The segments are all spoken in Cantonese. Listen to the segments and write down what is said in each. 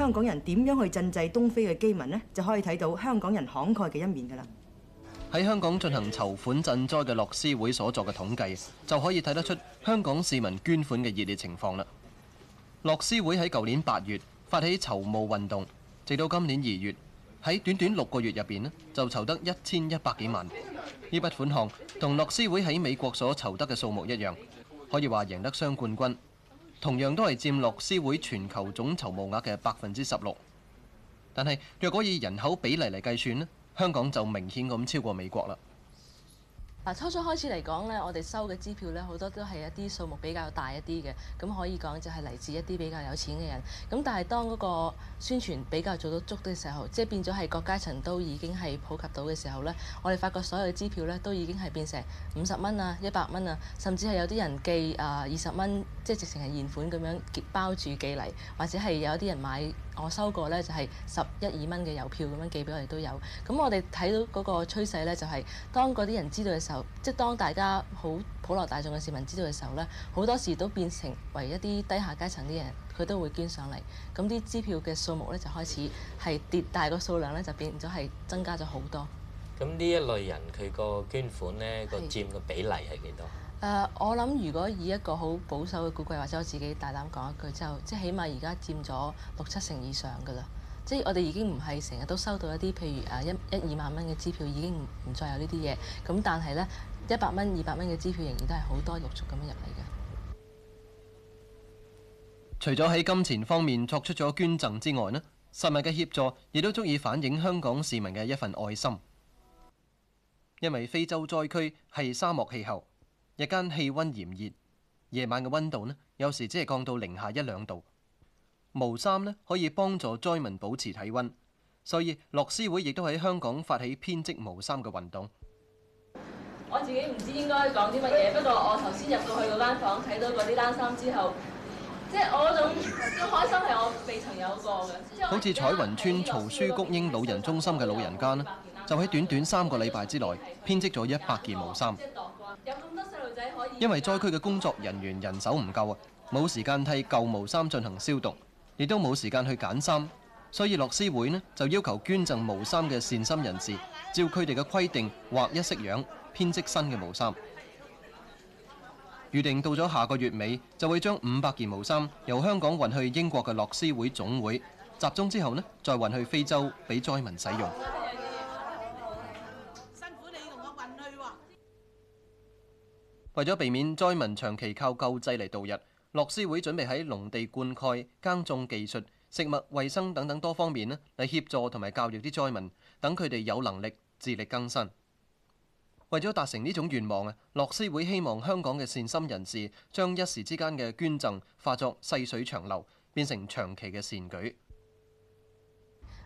香港人點樣去賑濟東非嘅饑民呢，就可以睇到香港人慷慨嘅一面噶啦。喺香港進行籌款賑災嘅樂施會所作嘅統計，就可以睇得出香港市民捐款嘅熱烈情況啦。樂施會喺舊年八月發起籌募運動，直到今年二月，喺短短六個月入邊呢，就籌得一千一百幾萬。呢筆款項同樂施會喺美國所籌得嘅數目一樣，可以話贏得雙冠軍。同樣都係佔樂施會全球總籌募額嘅百分之十六，但係若果以人口比例嚟計算咧，香港就明顯咁超過美國啦、啊。初初開始嚟講呢，我哋收嘅支票呢，好多都係一啲數目比較大一啲嘅，咁可以講就係嚟自一啲比較有錢嘅人。咁但係當嗰、那個宣傳比較做到足嘅時候，即係變咗係各階層都已經係普及到嘅時候呢，我哋發覺所有支票呢都已經係變成五十蚊啊、一百蚊啊，甚至係有啲人寄啊二十蚊，即係直情係現款咁樣包住寄嚟，或者係有啲人買，我收過呢就係十一二蚊嘅郵票咁樣寄俾我哋都有。咁我哋睇到嗰個趨勢呢，就係當嗰啲人知道嘅時候，即係當大家好普羅大眾嘅市民知道嘅時候呢，好多時都變成為一啲低下階層啲人。佢都會捐上嚟，咁啲支票嘅數目咧就開始係跌，但係個數量咧就變咗係增加咗好多。咁呢一類人佢個捐款咧個是佔嘅比例係幾多？誒、呃，我諗如果以一個好保守嘅估計，或者我自己大膽講一句，就即係起碼而家佔咗六七成以上㗎啦。即係我哋已經唔係成日都收到一啲譬如誒一一二萬蚊嘅支票，已經唔唔再有呢啲嘢。咁但係咧，一百蚊、二百蚊嘅支票仍然都係好多陸續咁樣入嚟嘅。除咗喺金錢方面作出咗捐贈之外呢，呢實物嘅協助亦都足以反映香港市民嘅一份愛心。因為非洲災區係沙漠氣候，日間氣溫炎熱，夜晚嘅溫度呢有時只係降到零下一兩度，毛衫呢可以幫助災民保持體溫，所以樂施會亦都喺香港發起編織毛衫嘅運動。我自己唔知應該講啲乜嘢，不過我頭先入到去嗰間房，睇到嗰啲單衫之後。即係我種好開心係我未曾有過嘅。好似彩雲村曹書谷英老人中心嘅老人家呢就喺短短三個禮拜之內編織咗一百件毛衫。因為災區嘅工作人員人手唔夠啊，冇時間替舊毛衫進行消毒，亦都冇時間去揀衫，所以樂施會呢就要求捐贈毛衫嘅善心人士，照佢哋嘅規定劃一式樣編織新嘅毛衫。預定到咗下個月尾，就會將五百件毛衫由香港運去英國嘅樂施會總會集中之後呢，再運去非洲俾災民使用。辛苦你同我運去喎！為咗避免災民長期靠救濟嚟度日，樂施會準備喺農地灌溉、耕種技術、食物衛生等等多方面呢，嚟協助同埋教育啲災民，等佢哋有能力自力更生。為咗達成呢種願望啊，樂施會希望香港嘅善心人士將一時之間嘅捐贈化作細水長流，變成長期嘅善舉。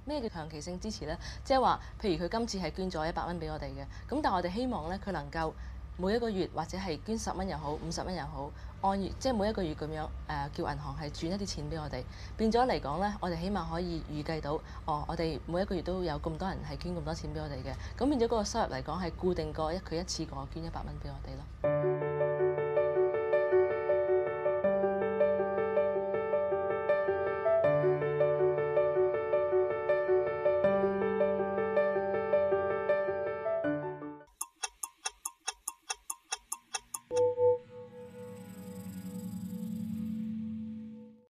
咩叫長期性支持呢？即係話，譬如佢今次係捐咗一百蚊俾我哋嘅，咁但係我哋希望咧，佢能夠，每一個月或者係捐十蚊又好，五十蚊又好，按月即係、就是、每一個月咁樣誒、呃、叫銀行係轉一啲錢俾我哋，變咗嚟講呢，我哋起碼可以預計到哦，我哋每一個月都有咁多人係捐咁多錢俾我哋嘅，咁變咗個收入嚟講係固定過一佢一次過捐一百蚊俾我哋咯。